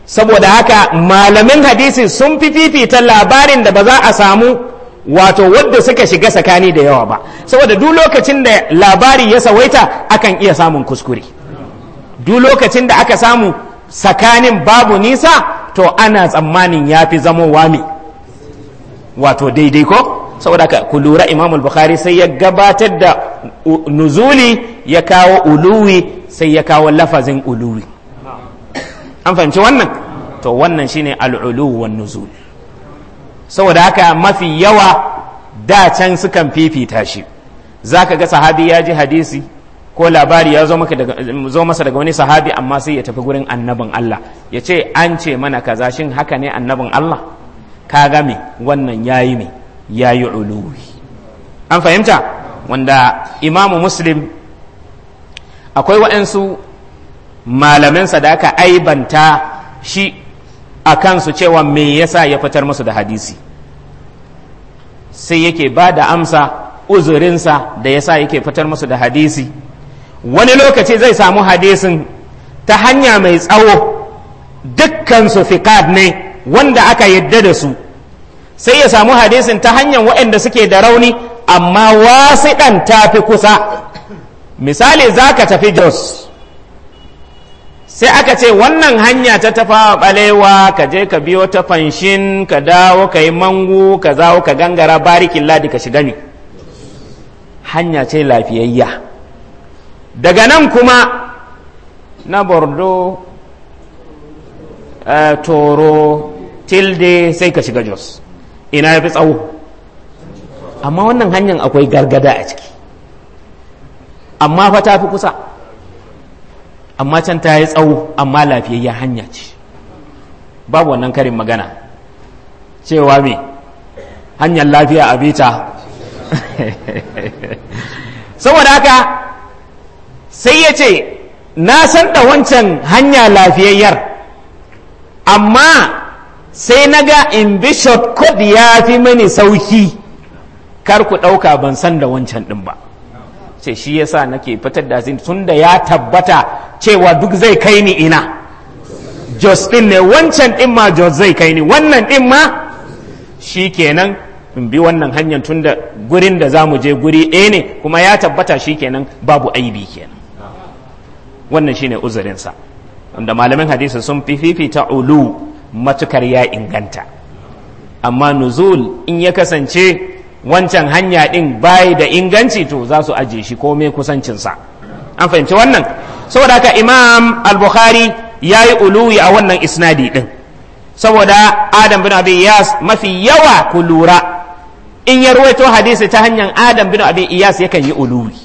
saboda haka malamin hadisi sun fi fifita labarin da ba za a samu wato wadda suka shiga sakani da yawa ba saboda duk lokacin da labari ya sawaita akan iya samun kuskure duk lokacin da aka samu sakanin babu nisa to ana tsammanin ya fi zamo wami wato daidai ko saboda ka ku lura imam bukhari sai ya gabatar da nuzuli ya kawo uluwi sai ya kawo lafazin uluwi an fahimci wannan to wannan shine al wan nuzuli saboda haka mafi yawa da can sukan fifita shi za ka ga sahabi ya ji hadisi ko labari ya zo masa daga wani sahabi amma sai ya tafi gurin annabin Allah ya ce an ce mana kaza shin haka ne annabin Allah ka game wannan yayi me yayi uluwi an fahimta wanda imamu muslim akwai waɗansu malamin sadaka aibanta shi a kansu cewa me yasa ya fitar musu da hadisi sai yake ba da amsa uzurinsa da yasa yake fitar musu da hadisi wani lokaci zai samu hadisin ta hanya mai tsawo dukkansu fiqad ne wanda aka yadda da su sai ya samu hadisin ta hanyar waɗanda suke da rauni amma wasu ta tafi kusa misali za ka tafi jos sai aka ce wannan hanya ta tafa balewa ka je ka biyo ta fanshin ka dawo ka yi mangu ka zawo ka gangara barikin ladi ka shiga ne hanya ce lafiyayya daga nan kuma na bordo uh, toro tilde sai ka shiga jos ina ya fi tsawo amma wannan hanyar akwai gargada a ciki amma fa ta fi kusa amma can ta yi tsawo amma lafiyayya hanya ce babu wannan karin magana cewa me hanyar lafiya a bita saboda haka sai ya ce na san da wancan hanya lafiyayyar amma sai na ga in bishop kod ya fi mani sauki kar ku ɗauka ban san da wancan ɗin ba ce shi yasa nake fitar da zin tunda ya tabbata cewa duk zai kai ni ina jos din ne wancan din ma jos zai kai ni wannan din ma shi kenan in bi wannan hanyar tunda gurin da zamu je guri ɗaya ne kuma ya tabbata shi kenan babu aibi kenan wannan shine uzurinsa wanda malamin hadisi sun fi fifita ulu matukar ya inganta amma nuzul in ya kasance wancan hanya ɗin bayi da inganci to za su aje shi komai kusancinsa an fahimci wannan saboda haka imam al-bukhari ya yi uluwi a wannan isnadi ɗin saboda adam bin abi iyas mafi yawa ku lura in ya ruwaito hadisi ta hanyar adam bin abi iyas yakan yi uluwi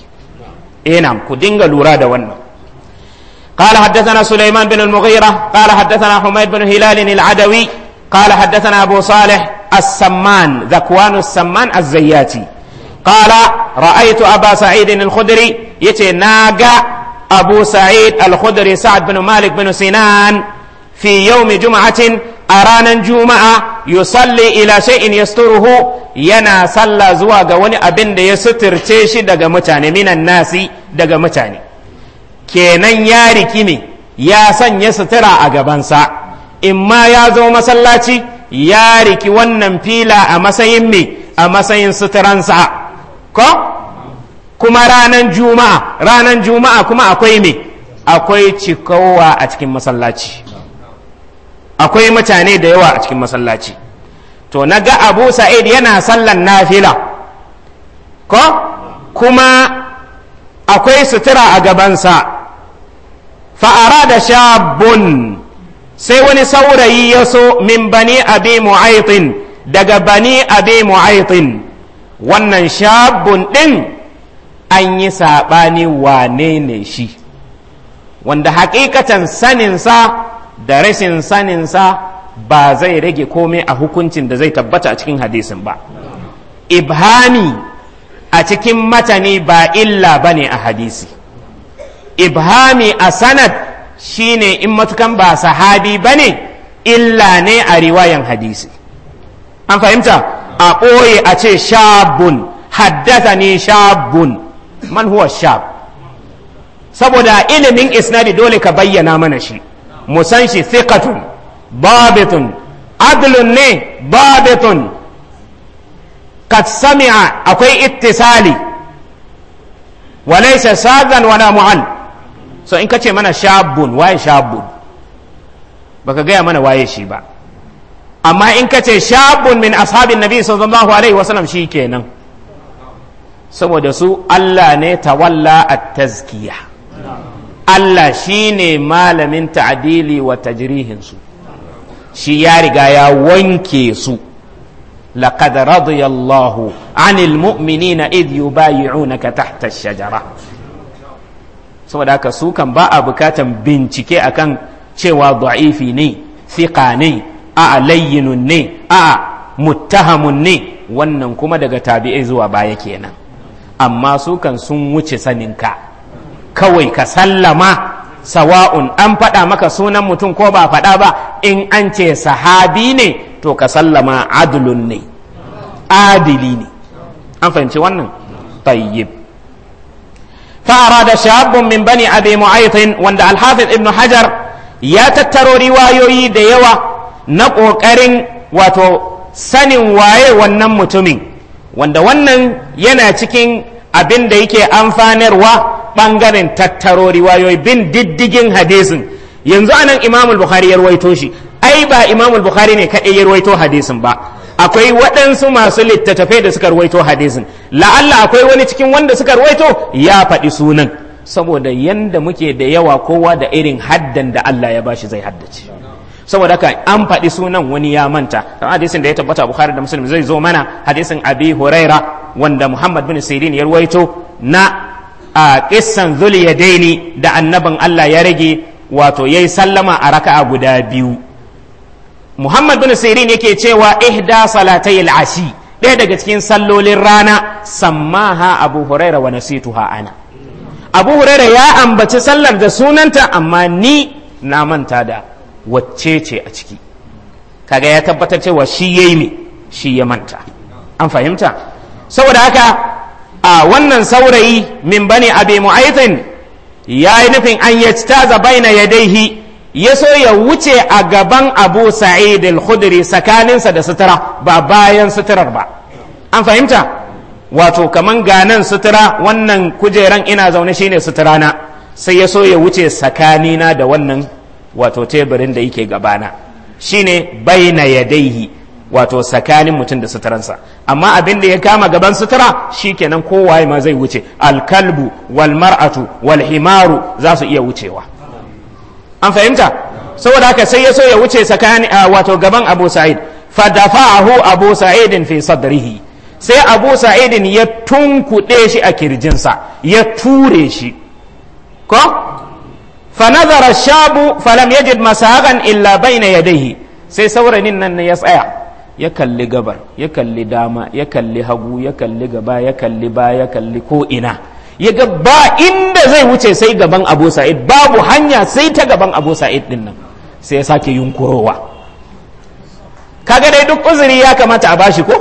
enam eh, ku dinga lura da wannan قال حدثنا سليمان بن المغيرة قال حدثنا حميد بن هلال العدوي قال حدثنا أبو صالح السمان ذكوان السمان الزياتي قال رأيت أبا سعيد الخدري يتي ناقة أبو سعيد الخدري سعد بن مالك بن سنان في يوم جمعة أرانا جمعة يصلي إلى شيء يستره ينا صلى زواج وني أبن يستر تشي دقا متاني من الناس دقا متاني كينا ياري كيمي يا سن يسترى أقبانسا in ma ya zo masallaci ya riki wannan fila a matsayin me a matsayin suturansa ko kuma ranan juma'a ranan juma'a kuma akwai me akwai cikowa a cikin masallaci akwai mutane da yawa a cikin masallaci to na ga abu sa'id yana sallan nafila ko kuma akwai sutura a gabansa fa'ara da shabun sai wani saurayi ya so min bani abi mu'aytin daga bani abi mu'aytin wannan shabun ɗin an yi saɓani wane ne shi wanda hakikatan saninsa da rashin saninsa ba zai rage komai a hukuncin da zai tabbata a cikin hadisin ba ibhami a cikin matani ba illa bane a hadisi ibhami a sanad shine in matukan ba sahabi bane illa ne a riwayan hadisi an fahimta a ɓoye a ce shabun haddasa ne shabun man huwa shab saboda ilimin isnadi dole ka bayyana mana shi mu san shi thiqatun babitun adlun ne babitun kad sami'a akwai ittisali wa laysa sadan wala mu'al so in ka ce mana shabun waye shabun baka gaya mana waye shi ba amma in ka ce shabun min ashabin nabi sallallahu alaihi wasallam shi kenan saboda su Allah ne tawalla at-tazkiya Allah shi ne malamin ta'adili wa tajrihinsu shi ya riga ya wanke su لقد رضي anil mu'minina المؤمنين إذ يبايعونك تحت shajara saboda haka su kan ba a bukatan bincike akan cewa da'ifi ne fiƙa ne a layyinun ne a muttahamun ne wannan kuma daga tabi'i zuwa baya kenan amma su kan sun wuce saninka kawai ka sallama sawa'un an faɗa maka sunan mutum ko ba faɗa ba in an ce sahabi ne to ka sallama adulun ne adili ne an fahimci wannan tayyib فأراد شاب من بني أبي معيط وند الحافظ ابن حجر يا تترو روايوي ديوا نقو كرن واتو سن واي ونم متمين وند ونن ينا تكين abin da yake amfanarwa bangaren tattaro riwayoyi bin diddigin hadisin yanzu anan imamul bukhari ya ruwaito shi ai ba imamul bukhari ne kaɗai ya ruwaito hadisin ba akwai waɗansu masu littattafai da suka ruwaito hadisin la'alla akwai wani cikin wanda suka ruwaito ya faɗi sunan saboda yanda muke da yawa kowa da irin haddan da Allah ya bashi zai haddace saboda haka an faɗi sunan wani ya manta kamar hadisin da ya tabbata Bukhari da Muslim zai zo mana hadisin Abi Huraira wanda Muhammad bin Sirin ya ruwaito na a kissan zuliyadaini da annabin Allah ya rage wato yayi sallama a raka'a guda biyu muhammad bin sirin yake cewa ihda salatai al'ashi ɗaya daga cikin sallolin rana sammaha abu huraira wa nasituha ana abu huraira ya ambaci sallar da sunanta amma ni na manta da wacce ce a ciki kaga ya tabbatar cewa shi ya yi shi ya manta an fahimta saboda haka a wannan saurayi min bani abi mu'aitin ya yi nufin an yajtaza baina yadaihi ya so ya wuce a gaban abu sa'id al-khudri tsakaninsa da sutura ba bayan suturar ba an fahimta wato kaman ganan sutura wannan kujeran ina zaune shine sutura na sai ya so ya wuce tsakanina da wannan wato teburin da yake gabana shine baina yadaihi wato tsakanin mutum da suturansa amma abin da ya kama gaban sutura shikenan kowaye ma zai wuce alkalbu wal mar'atu wal himaru za su iya wucewa an fahimta saboda haka sai ya so ya wuce tsakani a wato gaban abu sa'id fadafa'ahu abu sa'idin fi sadrihi sai abu sa'idin ya tunkuɗe shi a kirjinsa ya ture shi ko fanazara shabu falam yajid masagan illa baina yadayhi sai saurayin nan ya tsaya ya kalli gabar ya kalli dama ya kalli hagu ya kalli gaba ya kalli baya ya kalli ko ina ya ga ba inda zai wuce sai gaban abu sa'id babu hanya sai ta gaban abu sa'id din nan sai ya sake yunkurowa kaga dai duk uzuri ya kamata a bashi ko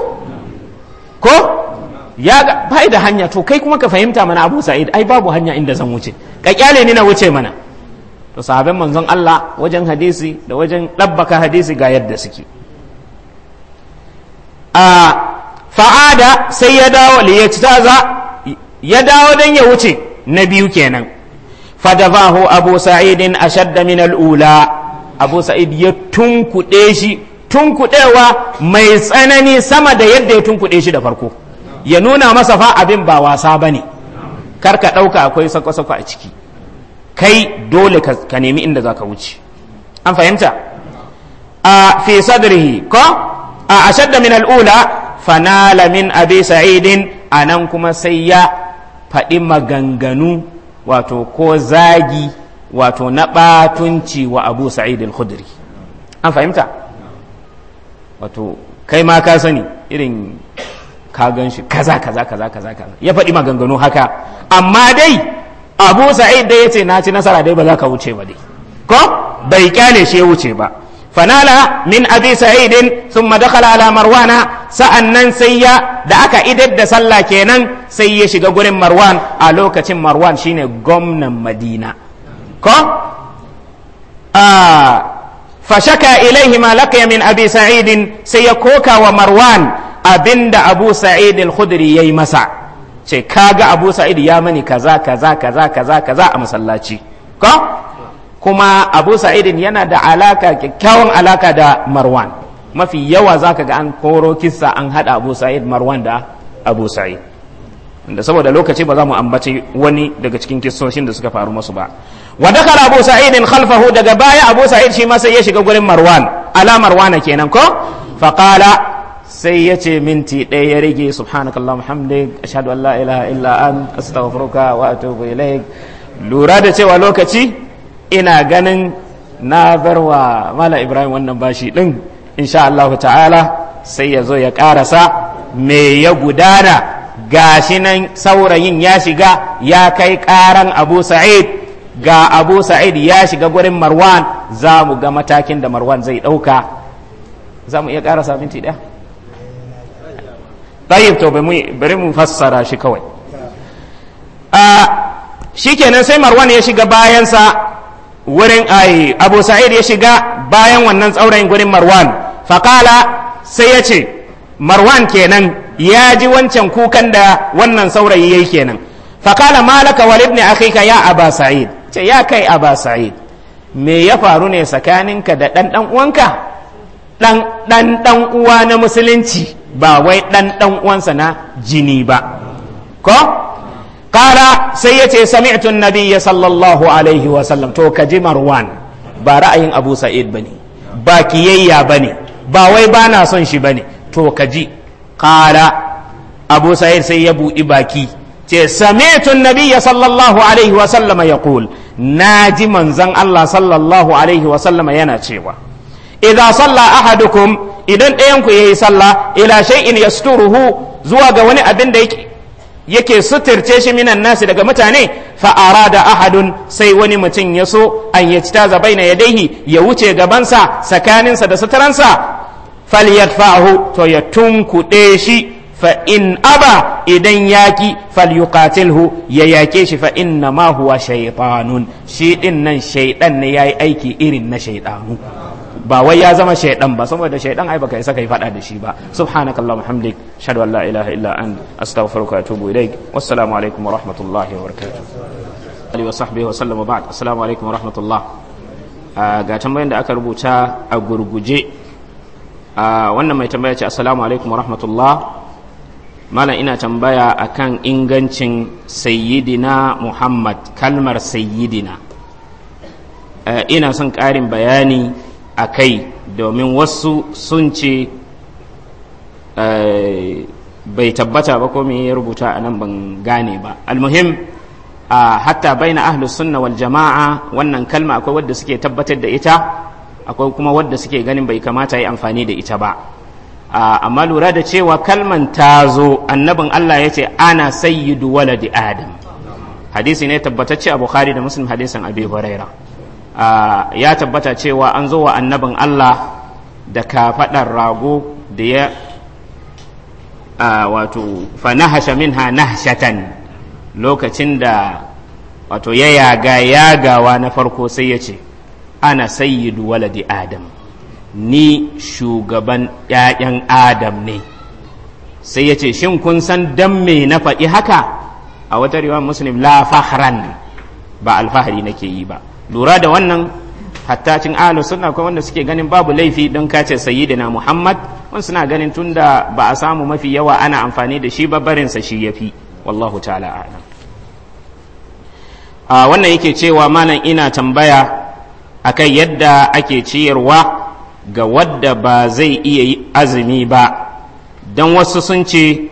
ko ya ga bai da hanya to kai kuma ka fahimta mana abu sa'id ai babu hanya inda zan wuce ka kyale ni na wuce mana to sahabban manzon Allah wajen hadisi da wajen dabbaka hadisi ga yadda suke a fa'ada sai ya dawo liyajtaza ya dawo don ya wuce na biyu kenan fadabahu abu sa'idin shadda min al'ula abu sa'id ya tunkuɗe shi tunkuɗewa mai tsanani sama da yadda ya tunkuɗe shi da farko ya nuna masa fa abin ba wasa ba ne kar ka ɗauka akwai sako-sako a ciki kai dole ka nemi inda za ka wuce an fahimta a fi sadrihi ko a ashadda min al'ula fanala min abi sa'idin nan kuma sai ya faɗi maganganu wato ko zagi wato na ɓatunci wa abu sa'id al-khudri an fahimta wato kai ma ka sani irin ka gan shi kaza kaza kaza kaza kaza ya faɗi maganganu haka amma dai abu sa'id dai ya ce na ci nasara dai ba za ka wuce ba dai ko bai kyale shi ya wuce ba fanala min abi sa'idin thumma dakhala ala marwana sa'annan sai ya da aka idar da sallah kenan sai ya shiga gurin marwan a lokacin marwan shine gwamnan madina ko fashaka ilaihi ma laqiya min abi sa'idin sai ya koka wa marwan abinda abu sa'id al-khudri yayi masa ce kaga abu sa'id ya mani kaza kaza kaza kaza kaza a masallaci ko kuma abu sa'idin yana da alaka kyakkyawan alaka da marwan mafi yawa zaka ga an koro kissa an hada abu sa'id marwan da abu sa'id da saboda lokaci ba za mu ambaci wani daga cikin kissoshin da suka faru masu ba wa dakala abu sa'idin khalfahu daga baya abu sa'id shi ma sai ya shiga gurin marwan ala marwana kenan ko faqala sai ya ce minti ɗaya ya rage subhanakallah muhammadik ashhadu an la ilaha illa an astaghfiruka wa atubu ilaik lura da cewa lokaci ina ganin na barwa mala ibrahim wannan bashi din insha Allah ta'ala sai ya zo ya karasa me ya gudana gashi nan saurayin ya shiga ya kai karan abu sa'id ga abu sa'id ya shiga gurin marwan za mu ga matakin da marwan zai ɗauka za mu iya karasa minti daya tayyib to bari mu fassara shi kawai ah, shikenan sai marwan ya shiga bayansa wurin ai abu sa'id ya shiga bayan wannan tsaurayin gurin marwan faƙala sai ya ce marwan kenan ya ji wancan kukan da wannan saurayi ya yi kenan faƙala malaka walid ne akika ya abu sa'id ce ya kai abu sa'id me ya faru ne tsakaninka da ɗan ɗan uwanka ɗan ɗan uwa na musulunci ba wai ɗan ɗan uwansa na jini ba ko qala sai yace samiatun an-nabiyya sallallahu alaihi wa sallam to ji marwan ba ra'ayin abu sa'id bane ba kiyayya bane ba wai bana son shi bane to ji qala abu sa'id sai ya buɗi baki ce sami'atun an-nabiyya sallallahu alaihi wa sallam na naji manzon Allah sallallahu alaihi wa yana cewa idza salla ahadukum idan ɗayan ku yayi sallah ila shay'in yasturuhu zuwa ga wani abin da yake yake suturce shi minan nasi daga mutane fa'ara da ahadun sai wani mutum ya so an ya ci taza baina yadaihi ya wuce gabansa tsakaninsa da suturansa falyadfa'hu to ya tunkuɗe shi fa in aba idan yaki hu ya yake shi fa inna ma huwa shi ɗin nan shaiɗan ne yayi aiki irin na shaiɗanu. ba wai ya zama shaidan ba saboda shaidan ai baka isa kai fada da shi ba subhanakallahu hamdik shadu an la ilaha illa an astaghfiruka wa atubu ilaik wassalamu alaikum wa rahmatullahi wa barakatuh ali wa sahbihi wa sallam ba'd assalamu alaikum wa rahmatullah ah, ga tambayan da aka rubuta a gurguje ah, wannan mai tambaya ce assalamu alaikum wa rahmatullah malam ina tambaya akan ingancin sayyidina muhammad kalmar sayyidina ah, ina son ƙarin bayani a kai domin wasu sun ce eh, bai tabbata ba ko me ya rubuta a nan ban gane ba almuhim hatta baina ahlu sunna wal jama'a wannan kalma akwai wadda suke tabbatar da ita akwai kuma wadda suke ganin bai kamata yi amfani da ita ba amma lura da cewa kalman ta zo annabin Allah ya ce ana sayyidu waladi adam hadisi ne tabbatacce a bukhari da muslim hadisin abi huraira ya tabbata cewa an zo wa annabin Allah da kafaɗar rago da ya wato fanahasha minha nahshatan lokacin da wato ya yaga yagawa na farko sai ya ce ana sayyidu waladi adam ni shugaban 'ya'yan adam ne sai ya ce shin kun san dan me na faɗi haka a wata riwayar muslim la fahran ba alfahari nake yi ba lura da wannan hatta cin ahlus sunna akwai wanda suke ganin babu laifi don kace sayyidina muhammad wani suna ganin tunda ba a samu mafi yawa ana amfani da shi ba barinsa shi yafi wallahu ta'ala a'lam a wannan yake cewa malam ina tambaya akan yadda ake ciyarwa ga wadda ba zai iya yi azumi ba don wasu sun ce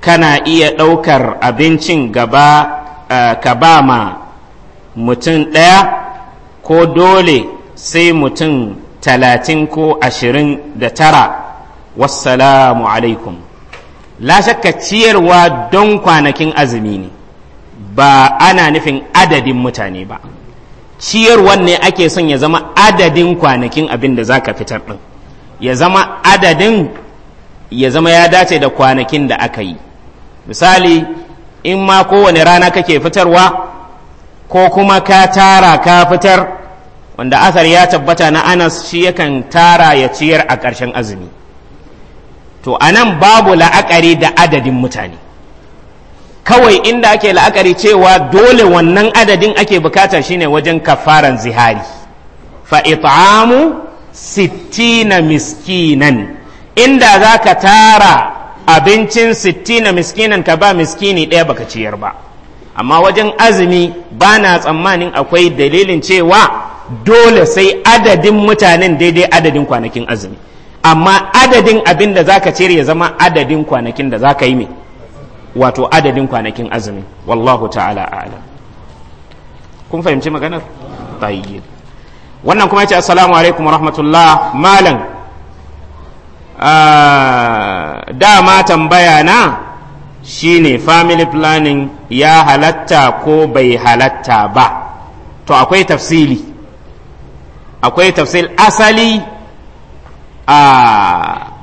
kana iya ɗaukar abincin gaba eh, ka ba ma mutum ɗaya ko dole sai mutum talatin ko ashirin da tara wassalamu alaikum la shakka ciyarwa don kwanakin azumi ne ba ana nufin adadin mutane ba ciyarwan ne ake son ya zama adadin kwanakin abin da za ka fitar ɗin ya zama adadin ya zama ya dace da kwanakin da aka yi misali in ma kowane rana kake fitarwa ko kuma ka tara ka fitar wanda asar ya tabbata na anas shi yakan tara ya ciyar a ƙarshen azumi to a nan babu la'akari da adadin mutane kawai inda ake la'akari cewa dole wannan adadin ake bukata shine wajen kafaran zihari fa it'amu sittina miskinan inda za ka tara abincin sittina miskinan ka ba miskini ɗaya baka ciyar ba amma wajen azumi ba na tsammanin akwai dalilin cewa dole sai adadin mutanen daidai adadin kwanakin azumi amma adadin abin da za ka cire ya zama adadin kwanakin da za ka yi mai wato adadin kwanakin azumi wallahu ta'ala a'ala kun fahimci maganar tayyib wannan kuma yace assalamu alaikum rahmatullah malam ah, dama tambaya na shi ne family planning ya halatta ko bai halatta ba to akwai tafsili akwai tafsil asali a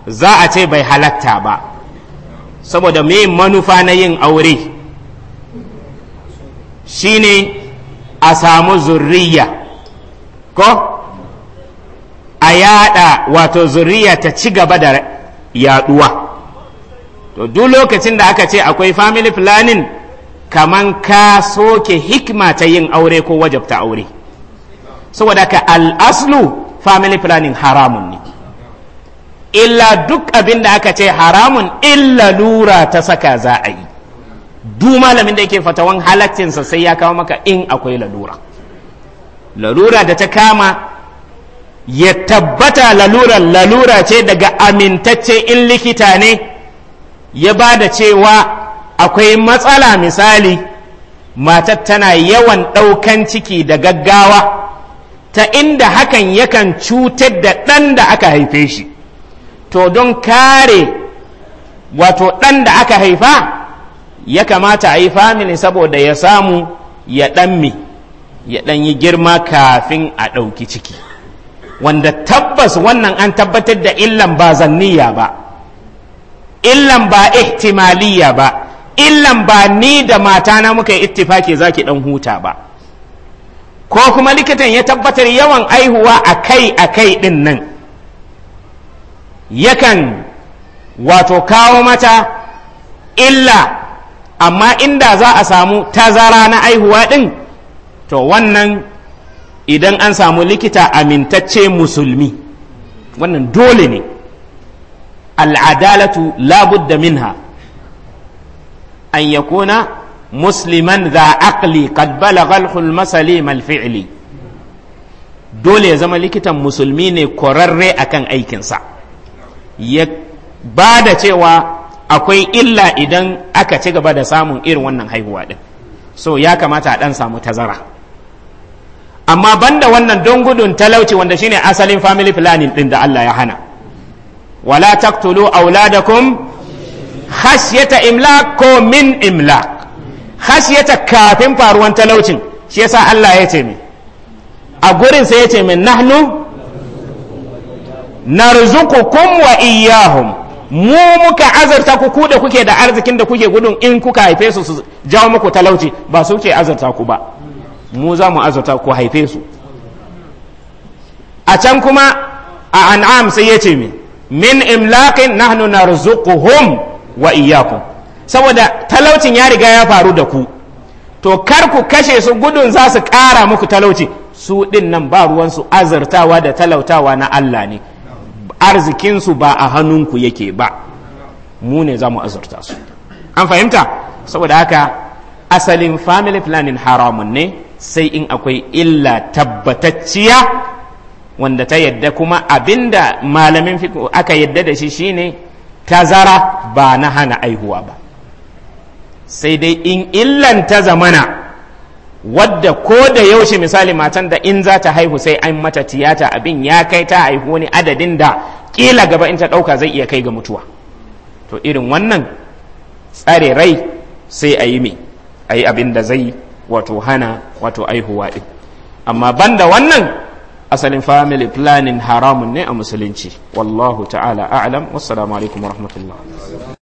za a ce bai halatta ba saboda mai manufa na yin aure shi ne a samu zurriya ko a yada wato zurriya ta ci gaba da yaduwa to duk lokacin da aka ce akwai family planning kaman ka soke hikma ta yin aure ko wajabta aure saboda ka al'aslu family planning haramun ne illa duk abin da aka ce haramun illa lura ta saka za a yi duk malamin da yake fatawan halaccinsa sai ya kawo maka in akwai lalura lalura da ta kama ya tabbata lalura lalura ce daga amintacce in likita ne ya ba da cewa akwai matsala misali matar tana yawan ɗaukan ciki da gaggawa ta inda hakan yakan cutar da ɗan da aka haife shi to don kare wato ɗan da aka haifa ya kamata a yi famili saboda ya samu ya ɗanmi ya ɗan yi girma kafin a ɗauki ciki wanda tabbas wannan an tabbatar da illan ba zanniya ba illan ba ihtimaliya ba illan ba ni da mata na muka yi ittifaki zaki dan huta ba ko kuma likitan ya tabbatar yawan aihuwa a kai-a kai din nan yakan wato kawo mata illa amma inda za a samu tazara na aihuwa din to wannan idan an samu likita amintacce musulmi wannan dole ne al'adalatu labudda minha an yakuna musliman za akli qad balagha al-masalim al dole ya zama likitan musulmi ne korarre akan aikinsa ya bada cewa akwai illa idan aka ci gaba da samun irin wannan haihuwa din so ya kamata a dan samu tazara amma banda wannan don gudun talauci wanda shine asalin family planning ɗin da Allah ya hana wala taqtulu auladakum khashyata imlaq ko min imla? khashyata kafin faruwan talaucin shi yasa Allah ya ce mi a gurinsa sai ya ce min nahnu narzuqukum wa iyyahum mu muka azarta ku da kuke da arzikin da kuke gudun in kuka haife su su jawo talauci ba su ke azarta ba mu za mu azarta ku haife a can kuma a an'am sai ya ce min min imlaqin nahnu narzuquhum wa iyyakum saboda talaucin ya riga ya faru da ku to kar ku kashe su gudun za su kara muku talauci su ɗin nan ba ruwan su azurtawa da talautawa na Allah ne arzikinsu ba a hannunku yake ba mu ne za mu azurta su an fahimta saboda haka asalin family planning haramun ne sai in akwai illa tabbatacciya wanda ta yadda kuma abinda malamin fiko aka yadda da shi shine tazara ba na hana aihuwa ba sai dai in illan ta zamana wadda ko da yaushe misali matan da in za ta haihu sai an mata tiyata abin ya kai ta haihu wani adadin da kila gaba in ta ɗauka zai iya kai ga mutuwa to irin wannan tsare rai sai a yi mai a yi abin da zai wato hana wato aihuwa ɗin amma banda wannan asalin family planning haramun ne a musulunci wallahu ta'ala a'lam wassalamu alaikum warahmatullah